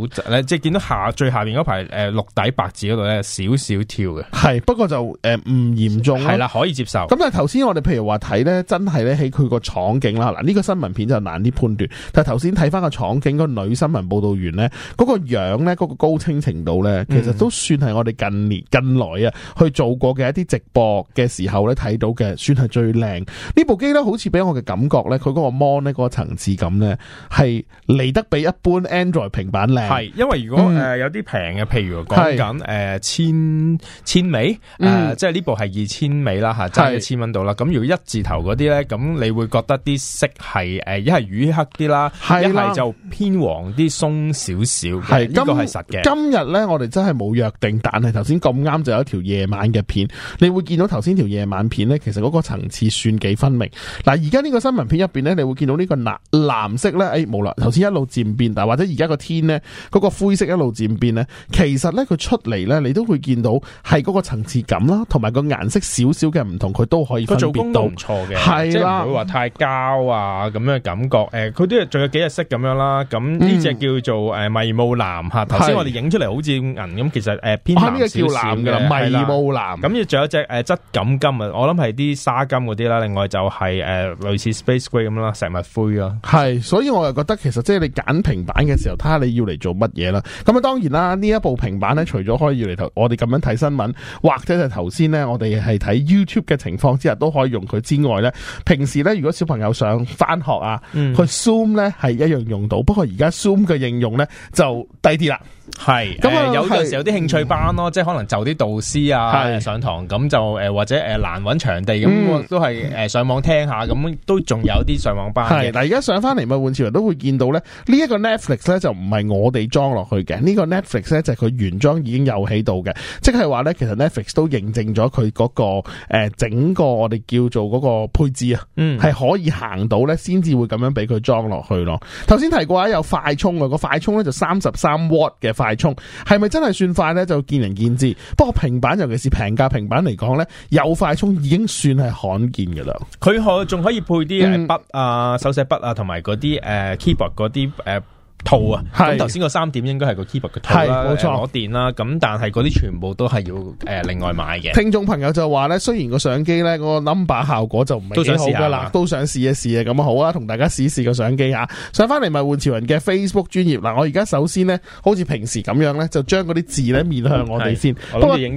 即係見、嗯、到下最下面嗰排誒、呃、綠底白字嗰度咧，少少跳嘅。係，不過就誒唔嚴重，係啦，可以接受。咁但係頭
先我哋譬如話睇咧，真係咧喺佢個場景啦，嗱呢個新聞片就難啲判斷。但係頭先睇翻個場景，個女新聞報道員咧，嗰個樣咧，嗰個高清程度咧，其實都算係我哋近年近來啊去做過嘅一啲直播嘅時候咧睇到嘅，算係最靚。呢部機咧，好似俾我嘅感覺咧，佢嗰個 mon 咧，個層次感咧，係嚟得比。一般 Android 平板靚係，因
為如果誒、嗯呃、有啲平嘅，譬如講緊誒千千尾誒、嗯呃，即係呢部係二千尾啦吓，差一千蚊度啦。咁是如果一字頭嗰啲咧，咁你會覺得啲色係誒一係雨黑啲啦，一係就偏黃啲松少少。係呢是個係實嘅。今
日咧，我哋真係冇約定，但係頭先咁啱就有一條夜晚嘅片，你會見到頭先條夜晚片咧，其實嗰個層次算幾分明。嗱，而家呢個新聞片入邊咧，你會見到呢個藍藍色咧，誒、哎，冇啦，頭先一路變大或者而家個天咧，嗰個灰色一路漸變咧，其實咧佢出嚟咧，你都會見到係嗰個層次感啦，同埋個顏色少少嘅唔同，佢都可以分別到。佢做工都唔錯嘅，係啦，即係唔會話
太膠啊咁樣嘅感覺。誒，佢都係仲有幾日色咁樣啦。咁呢隻叫做誒迷霧藍吓，頭先我哋影出嚟好似銀咁，其實誒偏藍少少嘅啦，迷霧藍。咁要仲有隻誒質感金啊，我諗係啲砂金嗰啲啦。另外就係誒類似 Space Grey 咁啦，石墨灰
啊。係，所以我又覺得其實即係你揀。平板嘅時候，睇下你要嚟做乜嘢啦？咁啊，當然啦，呢一部平板呢，除咗可以要嚟頭，我哋咁樣睇新聞，或者係頭先呢我哋係睇 YouTube 嘅情況之下都可以用佢之外呢，平時呢如果小朋友上翻學啊，去 Zoom 呢係一樣用到，嗯、不過而家 Zoom 嘅應用呢就低啲啦。係咁啊！有陣時候
有啲興趣班咯，嗯、即係可能就啲導師啊上堂咁就誒或者誒、呃、難搵場地咁，呃嗯、都係誒、呃、上網聽下咁都仲有啲上網班嘅。嗱，而
家上翻嚟物玩潮人都會見到咧，呢、這、一個 Netflix 咧就唔係我哋裝落去嘅，呢、這個 Netflix 咧就係佢原裝已經有喺度嘅，即係話咧其實 Netflix 都認證咗佢嗰個誒、呃、整個我哋叫做嗰個配置啊，係、嗯、可以行到咧先至會咁樣俾佢裝落去咯。頭先提過啊，有快充啊，個快充咧就三十三 W 嘅。快充係咪真係算快咧？就見仁見智。不過平板，尤其是平價平板嚟講咧，有快充已經算係罕見㗎喇。
佢可仲可以配啲誒筆啊、手寫筆啊，同埋嗰啲誒 keyboard 嗰啲誒。啊套啊，咁頭先個三點應該係個 keyboard 嘅套啦、啊，攞、欸、電啦、啊，咁但係嗰啲全部都係要誒、呃、另外買嘅。聽
眾朋友就話咧，雖然個相機咧、個 number 效果就唔係幾好噶啦，都想試一試啊，咁啊好啊，同大家試試個相機吓。上翻嚟咪換潮人嘅 Facebook 專頁嗱，我而家首先咧，好似平時咁樣咧，就將嗰啲字咧面向我哋先。不過真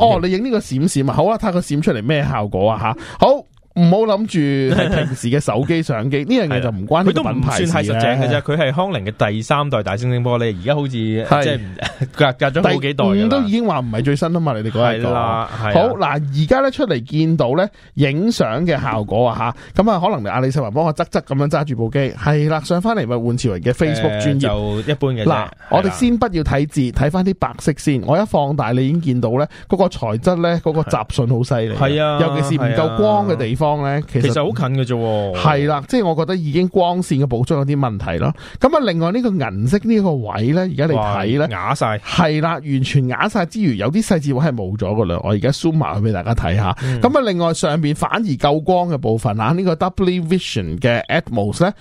哦，你影呢個閃閃啊，好啦，睇個閃出嚟咩效果啊吓，好。唔好諗住係平時嘅手機相機，呢樣嘢就唔關佢，都唔算係實淨嘅啫。
佢係康寧嘅第三代大猩猩玻璃，而家好似的即係是 隔隔咗好幾代，
都已經話唔係最新啦嘛。你哋講係啦，好嗱，而家咧出嚟見到咧影相嘅效果啊吓，咁啊可能你阿李世華幫我側側咁樣揸住部機，係啦，上翻嚟咪換潮人嘅 Facebook 專頁就
一般嘅。嗱、啊，我哋先
不要睇字，睇翻啲白色先。我一放大，你已經見到咧，嗰、那個材質咧，嗰、那個雜訊好犀利，係啊，尤其是唔夠光嘅地方。方咧，其實好近嘅啫，係啦了，即係我覺得已經光線嘅捕捉有啲問題咯。咁啊，另外呢個銀色呢個位咧，而家嚟睇咧，啞晒係啦，的了完全啞晒之餘，如有啲細節位係冇咗嘅咧。我而家 zoom 去俾大家睇下。咁啊、嗯，另外上邊反而夠光嘅部分，嗱、這、呢個 W vision 嘅 atmos 咧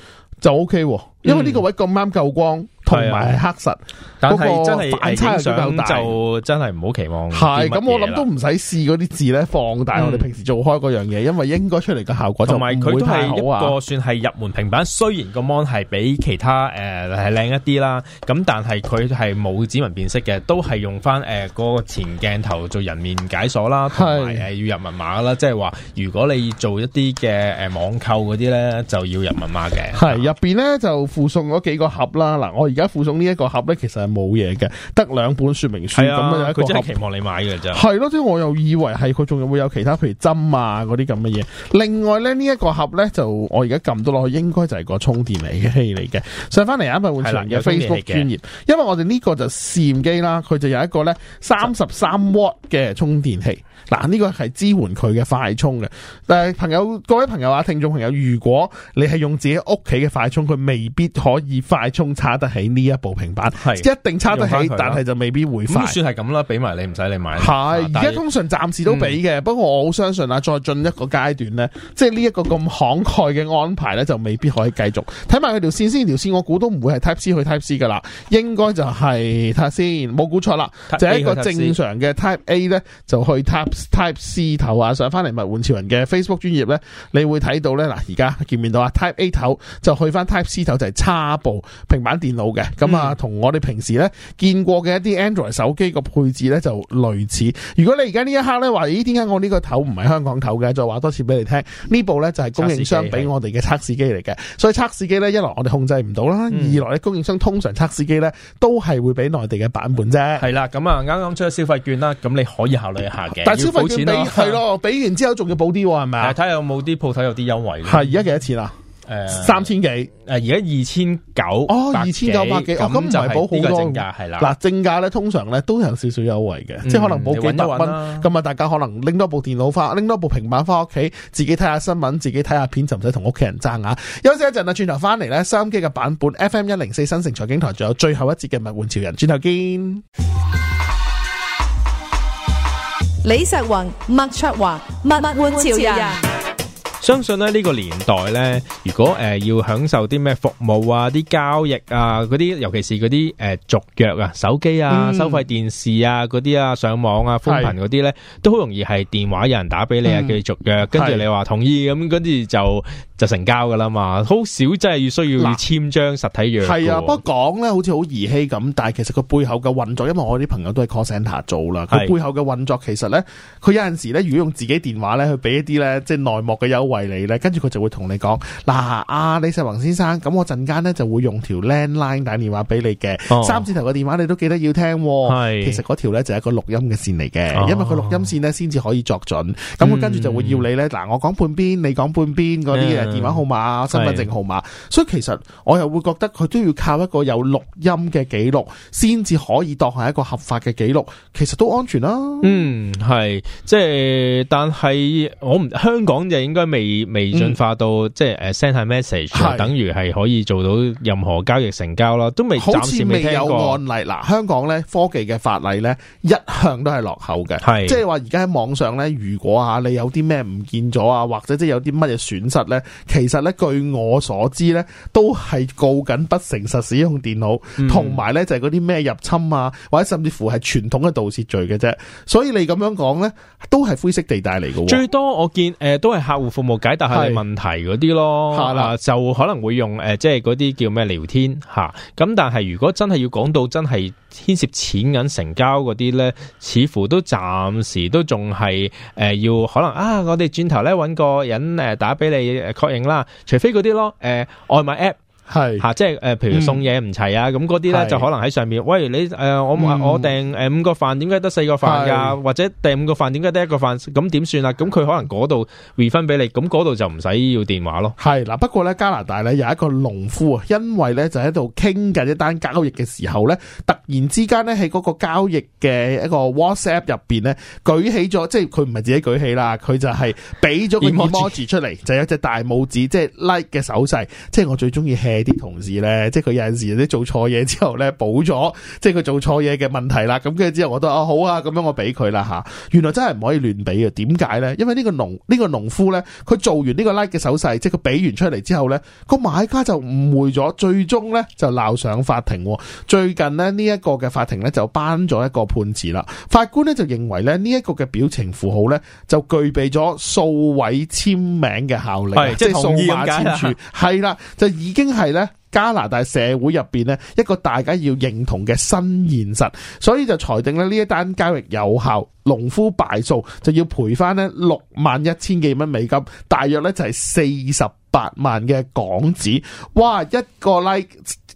就 ok，因為呢個位咁啱夠光。嗯同埋係黑實，對但係真係，又比較大，就
真係唔好期望。係咁，我諗都唔
使試嗰啲字咧放大，我哋平時做開嗰樣嘢，因為應該出嚟嘅效果同埋佢都係一個
算係入門平板。雖然個 mon 係比其他誒係靚一啲啦，咁但係佢係冇指紋辨識嘅，都係用翻誒、呃那個前鏡頭做人面解鎖啦，同埋要入密碼啦。即係話如果你做一啲嘅誒網購嗰啲咧，就要入密碼嘅。
係入邊咧就附送咗幾個盒啦。嗱，我.而家附送呢一個盒咧，其實係冇嘢嘅，得兩本說明書咁佢、哎、呀真係期
望你買嘅
啫。係咯，即係我又以為係佢仲會有其他譬如針啊嗰啲咁嘅嘢。另外咧，呢、這、一個盒咧就我而家撳到落去，應該就係個充電器嚟嘅。上翻嚟阿麥換上嘅 Facebook 專頁，因為我哋呢個就試驗機啦，佢就有一個咧三十三 W 嘅充電器。嗱的，呢個係支援佢嘅快充嘅。但、呃、係朋友，各位朋友啊，聽眾朋友，如果你係用自己屋企嘅快充，佢未必可以快充插得起。呢一部平板係是一定差得起，但係就未必會翻、嗯。算係咁啦，俾埋你唔使你買。係而家通常暫時都俾嘅，嗯、不過我好相信啊。再進一個階段咧，嗯、即係呢一個咁慷慨嘅安排咧，就未必可以繼續。睇埋佢條線先，條線我估都唔會係 Type C 去 Type C 噶啦，應該就係睇下先，冇估錯啦，Type 就係一個正常嘅 Type A 咧就去 Type Type C 頭啊。上翻嚟物玩潮人嘅 Facebook 專頁咧，你會睇到咧嗱，而家見面到啊，Type A 頭就去翻 Type C 頭就係、是、差部平板電腦嘅。咁啊，同、嗯、我哋平時咧見過嘅一啲 Android 手機個配置咧就類似。如果你而家呢一刻咧話咦，點解我呢個頭唔係香港頭嘅？再話多次俾你聽，部呢部咧就係、是、供應商俾我哋嘅測試機嚟嘅。所以測試機咧，一來我哋控制唔到啦，嗯、二來咧供應商通常測試機咧都係會俾內地嘅版本啫。係
啦，咁啊，啱啱出咗消費券啦，咁你可以考慮下嘅。但消費券俾係咯，
俾完之後仲要補啲係咪？睇下有冇啲鋪頭有啲優惠。係而家幾多錢啊？誒，三千幾誒，而家二千九哦，二千九百幾，咁就係呢個正價係啦。嗱，正價咧通常咧都有少少優惠嘅，嗯、即係可能冇幾百蚊。咁啊，大家可能拎多部電腦翻，拎多部平板翻屋企，自己睇下新聞，自己睇下片，就唔使同屋企人爭啊。休息一陣啊，轉頭翻嚟，咧收音機嘅版本 FM 一零四新城財經台，仲有最後一節嘅《物玩潮人》，轉頭見。李石雲、麥卓華，《物玩潮人》人。
相信咧呢個年代咧，如果誒、呃、要享受啲咩服務啊、啲交易啊、嗰啲，尤其是嗰啲誒續約啊、手機啊、收費電視啊、嗰啲啊、上網啊、寬頻嗰啲咧，嗯、都好容易係電話有人打俾你啊，繼續約，嗯、跟住你話同意咁，跟住就就成交噶啦嘛，好少真係要需要簽張實體約。係啊，不過
講咧好似好兒戲咁，但係其實佢背後嘅運作，因為我啲朋友都係 call center 做啦，佢是背後嘅運作其實咧，佢有陣時咧，如果用自己電話咧去俾一啲咧，即係內幕嘅有。為你咧，跟住佢就會同你講嗱，阿、啊、李世宏先生，咁我陣間呢就會用條 land line 打電話俾你嘅，哦、三字頭嘅電話你都記得要聽、哦。係是，其實嗰條呢就係一個錄音嘅線嚟嘅，哦、因為佢錄音線呢先至可以作準。咁佢跟住就會要你呢。嗱、嗯，我講半邊，你講半邊，嗰啲誒電話號碼、嗯、身份證號碼。是所以其實我又會覺得佢都要靠一個有錄音嘅記錄，先至可以當係一個合法嘅記錄。其實都安全啦、啊。嗯，
係，即係，但係我唔香港就應該未。未未進化到、嗯、即係誒、uh, send 下 message，是等於係
可以做到任何交易成交啦，都未暫時未有案例。嗱，香港咧科技嘅法例咧一向都係落後嘅，係即係話而家喺網上咧，如果吓你有啲咩唔見咗啊，或者即係有啲乜嘢損失咧，其實咧據我所知咧，都係告緊不誠實使用電腦，同埋咧就係嗰啲咩入侵啊，或者甚至乎係傳統嘅盜竊罪嘅啫。所以你咁樣講咧，都係灰色地帶嚟嘅。最
多我見誒、呃、都係客戶服務。冇解答下問題嗰啲咯，吓啦的、啊、就可能會用誒、呃，即係嗰啲叫咩聊天吓，咁、啊、但係如果真係要講到真係牽涉錢銀成交嗰啲咧，似乎都暫時都仲係誒要可能啊，我哋轉頭咧揾個人誒打俾你誒確認啦，除非嗰啲咯誒、呃、外賣 app。係吓，即係誒，譬如送嘢唔齊啊，咁嗰啲咧就可能喺上面。喂，你誒、呃，我、嗯、我訂誒五個飯，點解得四個飯噶、啊？是或者訂五個飯，點解得一個飯？咁點算啊？咁佢
可能嗰度 refund 俾你，咁嗰度就唔使要電話咯。係嗱，不過咧加拿大咧有一個農夫啊，因為咧就喺度傾緊一單交易嘅時候咧，突然之間咧喺嗰個交易嘅一個 WhatsApp 入邊咧，舉起咗，即係佢唔係自己舉起啦，佢就係俾咗個 emoji 出嚟，就有、是、一隻大拇指，即係 like 嘅手勢，即係我最中意呢啲同事咧，即係佢有陣時咧做錯嘢之後咧，補咗，即係佢做錯嘢嘅問題啦。咁跟住之後，我都啊好啊，咁樣我俾佢啦吓。原來真係唔可以亂俾嘅。點解咧？因為個農、這個、農夫呢個農呢個農夫咧，佢做完呢個 like 嘅手勢，即係佢俾完出嚟之後咧，個買家就誤會咗，最終咧就鬧上法庭。最近呢，呢、這、一個嘅法庭咧就頒咗一個判詞啦。法官咧就認為咧呢一、這個嘅表情符號咧就具備咗數位簽名嘅效力，即係數碼簽署係啦，就，是、就的已經係。加拿大社會入邊呢一個大家要認同嘅新現實，所以就裁定咧呢一單交易有效，農夫敗訴就要賠翻呢六萬一千幾蚊美金，大約呢就係四十八萬嘅港紙，哇一個 like。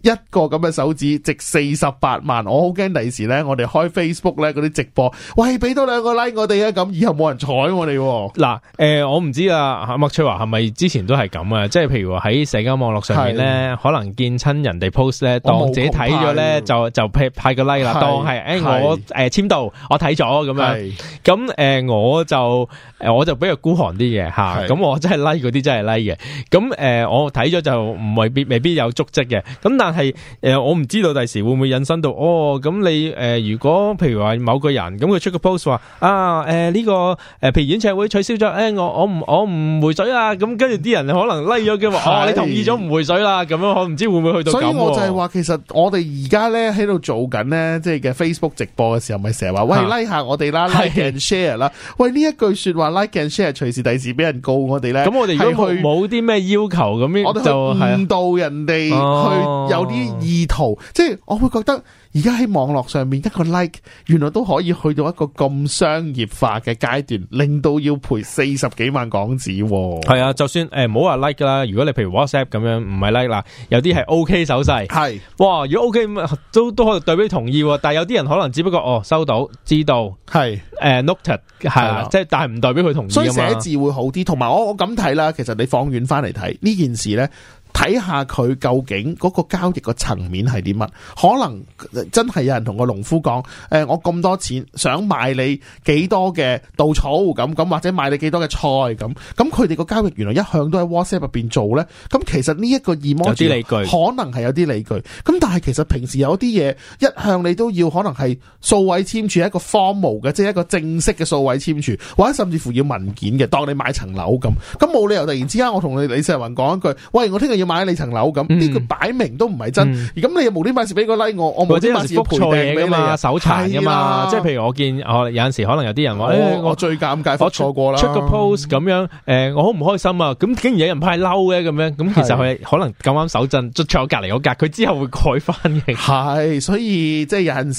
一個咁嘅手指值四十八萬，我好驚第時咧，我哋開 Facebook 咧嗰啲直播，喂，俾多兩個 like 我哋啊，咁以後冇人睬我哋、啊。
嗱，誒，我唔知啦、啊，吓，麥翠華係咪之前都係咁啊？即係譬如話喺社交網絡上面咧，是的 可能見親人哋 post 咧，當自己睇咗咧，就就派個 like 啦，是的 當係誒、欸、我誒簽、呃、到，我睇咗咁樣。咁誒是的、呃，我就、呃、我就比較孤寒啲嘅吓，咁、啊、是的 我真係 like 嗰啲真係 like 嘅。咁誒、呃，我睇咗就唔未必未必有足跡嘅。咁但係誒、呃，我唔知道第時會唔會引申到哦。咁你誒、呃，如果譬如話某個人咁佢出個 post 話啊，誒呢個誒，譬如演唱會取消咗，誒我我唔我唔回水啊。咁跟住啲人可能 like 咗嘅話，你同意咗唔回水啦。咁樣我唔知會唔會去到、啊？所以我就係
話，其實我哋而家咧喺度做緊咧，即係嘅 Facebook 直播嘅時候，咪成日話喂 like 下我哋啦，like and share 啦的。喂呢一句說話 like and share，隨時第時俾人告我哋咧。咁我哋如果佢冇啲咩要求咁就誤導人哋去、啊啲意圖，即係我會覺得而家喺網絡上面一個 like，原來都可以去到一個咁商業化嘅階段，令到要賠四十幾萬港紙。
係啊，就算誒，唔好話 like 啦，如果你譬如 WhatsApp 咁樣，唔係 like 啦，有啲係 OK 手勢，係是哇，如果 OK 咁都都可以代表同意，但係有啲人可能
只不過哦收到知道，係誒是、uh, noted 係啦，即係的但係唔代表佢同意。所以寫字會好啲，同埋我我咁睇啦，其實你放遠翻嚟睇呢件事咧。睇下佢究竟嗰個交易嘅層面係啲乜，可能真係有人同個農夫講，誒、呃，我咁多錢想賣你幾多嘅稻草咁，咁或者賣你幾多嘅菜咁，咁佢哋個交易原來一向都喺 WhatsApp 入邊做咧，咁其實呢一個二、e、模，有啲理據，可能係有啲理據，咁但係其實平時有啲嘢一向你都要可能係數位簽署一個 formal 嘅，即係一個正式嘅數位簽署，或者甚至乎要文件嘅，當你買層樓咁，咁冇理由突然之間我同你李世云講一句，喂，我聽日要買你層樓咁，呢個擺明都唔係真。咁你又無端端事俾個 like 我，我冇端端事賠病俾你，手殘噶嘛？即係
譬如我見有陣時可能有啲人話，誒，我最尷尬，我錯過啦。出個 post 咁樣，誒，我好唔開心啊！咁竟然有人派嬲嘅咁樣，咁其實佢可能咁啱手
震，出錯隔籬嗰格，佢之後會改翻嘅。係，所以即係有陣時，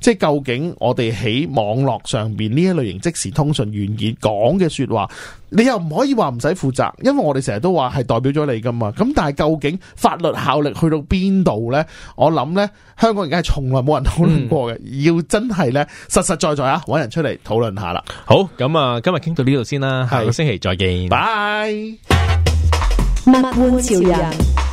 即係究竟我哋喺網絡上邊呢一類型即時通訊軟件講嘅說話。你又唔可以話唔使負責，因為我哋成日都話係代表咗你噶嘛。咁但係究竟法律效力去到邊度咧？我諗咧，香港而家係從來冇人討論過嘅。嗯、要真係咧，實實在在啊，搵人出嚟討論下啦。好，咁啊，今日傾到呢度先啦，下個星期再見，拜是。Bye